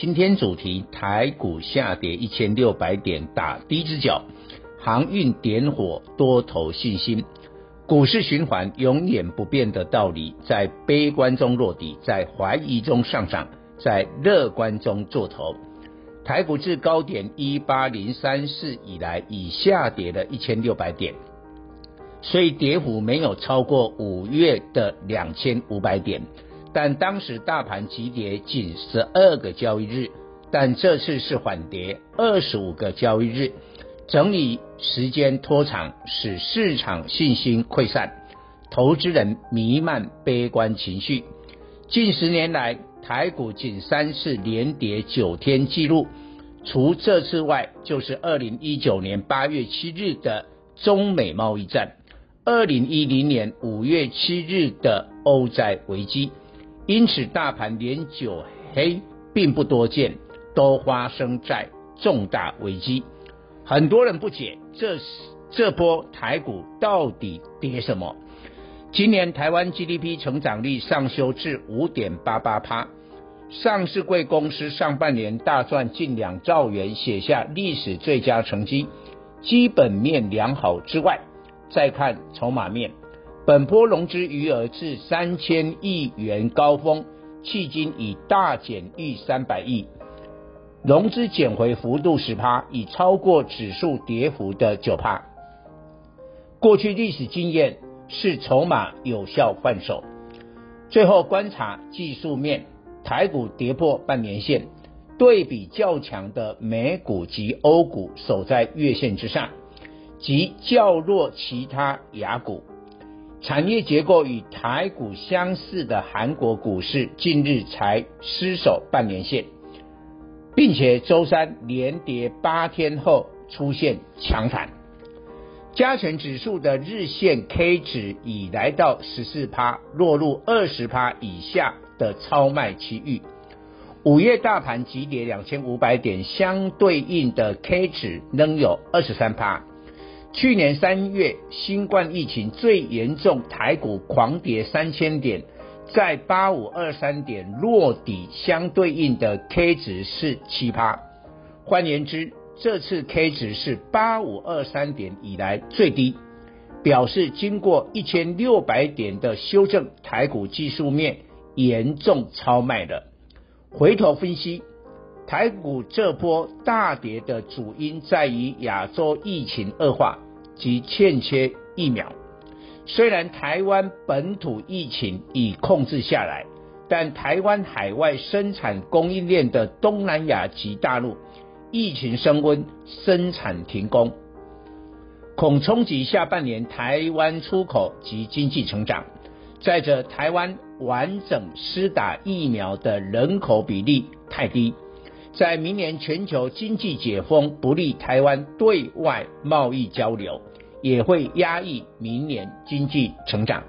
今天主題，台股下跌一千六百點，打第一支腳。航運點火，多頭信心。股市循環永遠不變的道理，在悲觀中落底，在懷疑中上漲，在樂觀中做頭。台股自高點一八零三四以來，已下跌了一千六百點，所以跌幅沒有超過五月的兩千五百點。但當時大盤急跌僅十二個交易日，但這次是緩跌二十五個交易日，整理時間拖長，使市場信心潰散，投資人彌漫悲觀情緒。近十年來，台股僅三次連跌九天記錄，除這次外，就是二零一九年八月七日的中美貿易戰，二零一零年五月七日的歐債危機。因此，大盤連九黑並不多見，都發生在重大危機。很多人不解，這是這波台股到底跌什麼？今年台灣 GDP 成長率上修至五點八八趴，上市櫃公司上半年大賺近兩兆元，寫下歷史最佳成績。基本面良好之外，再看籌碼面。本波融資餘額至三千億元高峰，迄今已大減逾三百億，融資減回幅度十趴，已超過指數跌幅的九趴。過去歷史經驗是籌碼有效換手。最後觀察技術面，台股跌破半年線，對比較強的美股及歐股守在月線之上，及較弱其他亞股。產業結構與台股相似的韓國股市，近日才失守半年線，並且周三連跌八天後出現強彈，加權指數的日線 K 值已來到十四趴，落入二十趴以下的超賣區域。五月大盤急跌兩千五百點，相對應的 K 值仍有二十三趴。去年三月新冠疫情最嚴重，台股狂跌三千點，在八五二三點落底，相對應的 K 值是七趴。換言之，這次 K 值是八五二三點以來最低，表示經過一千六百點的修正，台股技術面嚴重超賣了。回頭分析，台股這波大跌的主因在於亞洲疫情惡化。及欠缺疫苗，雖然台灣本土疫情已控制下來，但台灣海外生產供應鏈的東南亞及大陸疫情升溫，生產停工，恐衝擊下半年台灣出口及經濟成長。再者，台灣完整施打疫苗的人口比例太低。在明年全球經濟解封，不利台灣對外貿易交流，也會壓抑明年經濟成長。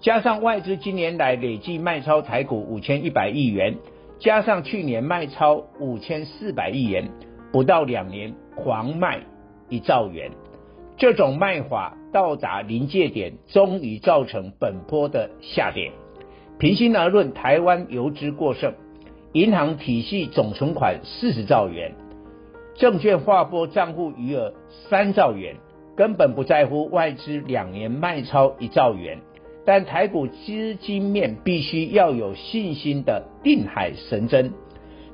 加上外資今年來累計賣超台股五千一百億元，加上去年賣超五千四百億元，不到兩年狂賣一兆元，這種賣法到達臨界點，終於造成本波的下跌。平心而論，台灣游資過剩，銀行體系總存款四十兆元，證券劃撥賬戶餘額三兆元，根本不在乎外資兩年賣超一兆元。但台股資金面必須要有信心的定海神針。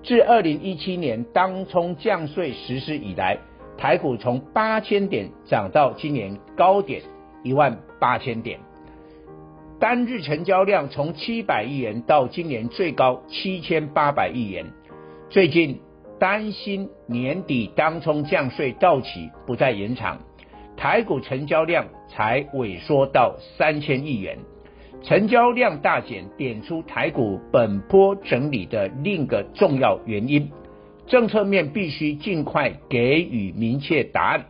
自二零一七年當沖降稅實施以來，台股從八千點漲到今年高點一萬八千點。單日成交量從七百億元到今年最高七千八百億元。最近擔心年底當沖降稅到期不再延長，台股成交量才萎縮到三千億元。成交量大減，點出台股本波整理的另一個重要原因。政策面必須盡快給予明確答案。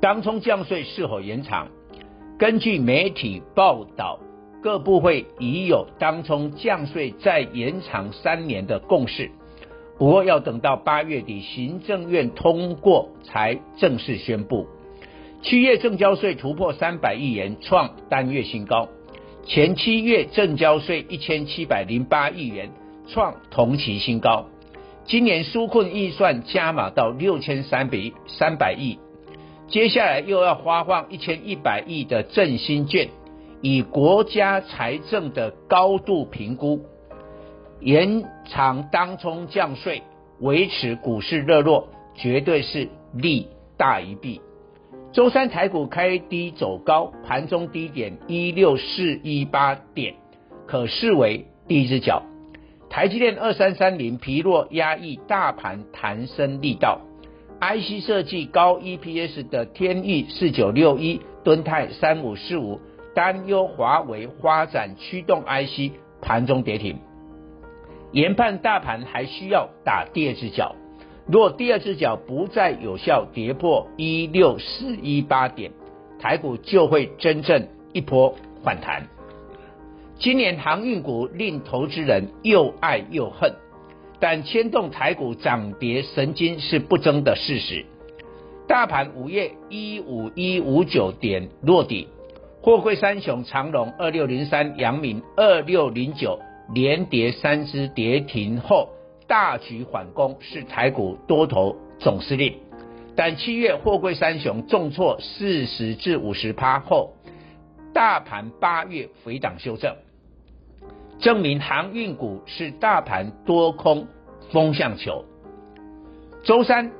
當沖降稅是否延長？根據媒體報道，各部會已有當沖降稅再延長三年的共識，不過要等到八月底行政院通過才正式宣布。七月證交稅突破三百億元，創單月新高；前七月證交稅一千七百零八億元，創同期新高。今年紓困預算加碼到六千三百億三百億。接下來又要發放一千一百億的振興券，以國家財政的高度評估，延長當沖降稅，維持股市熱絡，絕對是利大於弊。周三台股開低走高，盤中低點一六四一八點，可視為第一隻腳。台積電二三三零疲弱壓抑大盤彈升力道。IC 設計高 EPS 的天翼四九六一、敦泰三五四五擔憂華為發展驅動 IC 盤中跌停，研判大盤還需要打第二隻腳，若第二隻腳不再有效跌破一六四一八點，台股就會真正一波反彈。今年航運股令投資人又愛又恨。但牽動台股漲跌神經是不爭的事實。大盤五月一五一五九點落底，貨櫃三雄長榮二六零三、陽明二六零九連跌三只跌停後，大舉反攻是台股多頭總司令。但七月貨櫃三雄重挫四十至五十趴後，大盤八月回檔修正。證明航運股是大盤多空風向球。周三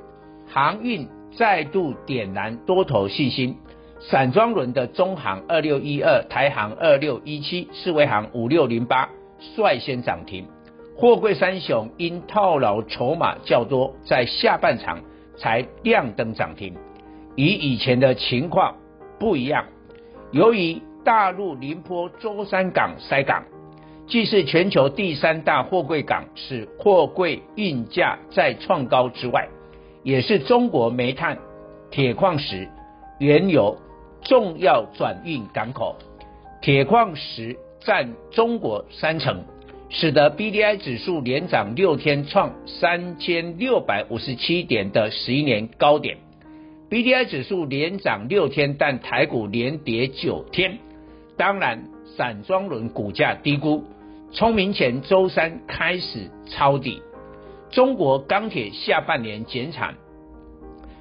航運再度點燃多頭信心，散裝輪的中航二六一二、台航二六一七、四維航五六零八率先漲停，貨櫃三雄因套牢籌碼較多，在下半場才亮燈漲停，與以，以前的情況不一樣。由於大陸寧波舟山港塞港。既是全球第三大貨櫃港，使貨櫃運價再創高之外，也是中國煤炭、鐵礦石、原油重要轉運港口。鐵礦石占中國三成，使得 BDI 指數連漲六天，創三千六百五十七點的十一年高點。BDI 指數連漲六天，但台股連跌九天。當然，散裝輪股價低估。聰明錢周三開始抄底，中國鋼鐵下半年減產，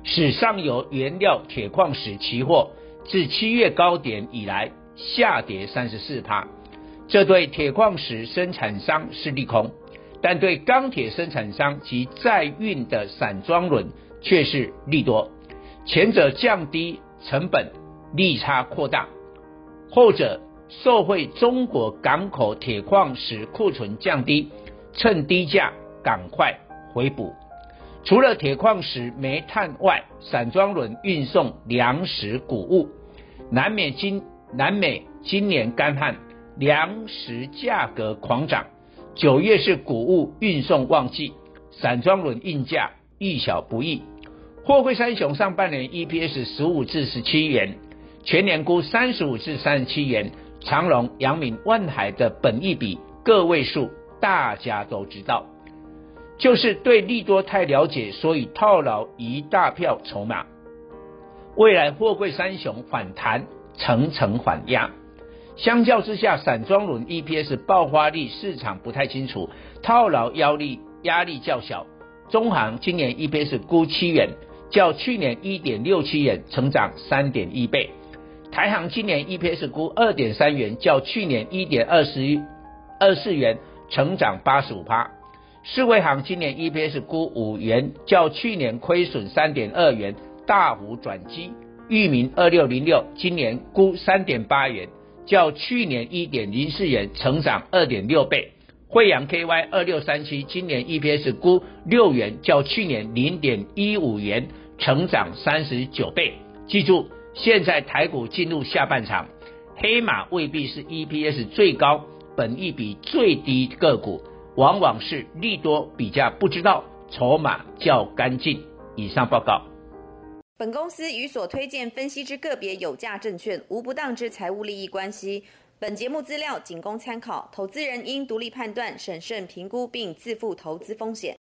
使上游原料鐵礦石期貨自七月高點以來下跌三十四趴，這對鐵礦石生產商是利空，但對鋼鐵生產商及在運的散裝輪卻是利多，前者降低成本，利差擴大，後者。受惠中國港口鐵礦石庫存降低，趁低價趕快回補。除了鐵礦石、煤炭外，散裝輪運送糧食穀物，南美今南美今年乾旱，糧食價格狂漲。九月是穀物運送旺季，散裝輪運價遇小不易。貨櫃三雄上半年 EPS 十五至十七元，全年估三十五至三十七元。長榮、陽明、萬海的本益比個位數，大家都知道，就是對利多太了解，所以套牢一大票籌碼。未來貨櫃三雄反彈，層層反壓，相較之下，散裝輪 EPS 爆發力市場不太清楚，套牢壓力壓力較小。中航今年 EPS 估七元，較去年一點六七元成長三點一倍。台航今年 EPS 預估2.3元，較去年1.24元成長85%。世衛航今年 EPS 估5元，較去年虧損3.2元大幅轉機。裕民2606今年估3.8元，較去年1.04元成長2.6倍。惠陽 KY 2637今年 EPS 估6元，較去年0.15元成長39倍。記住。現在台股進入下半場，黑馬未必是 EPS 最高、本益比最低個股，往往是利多比較不知道、籌碼較乾淨。以上報告。本公司與所推薦分析之個別有價證券無不當之財務利益關係。本節目資料僅供參考，投資人應獨立判斷、審慎評估並自負投資風險。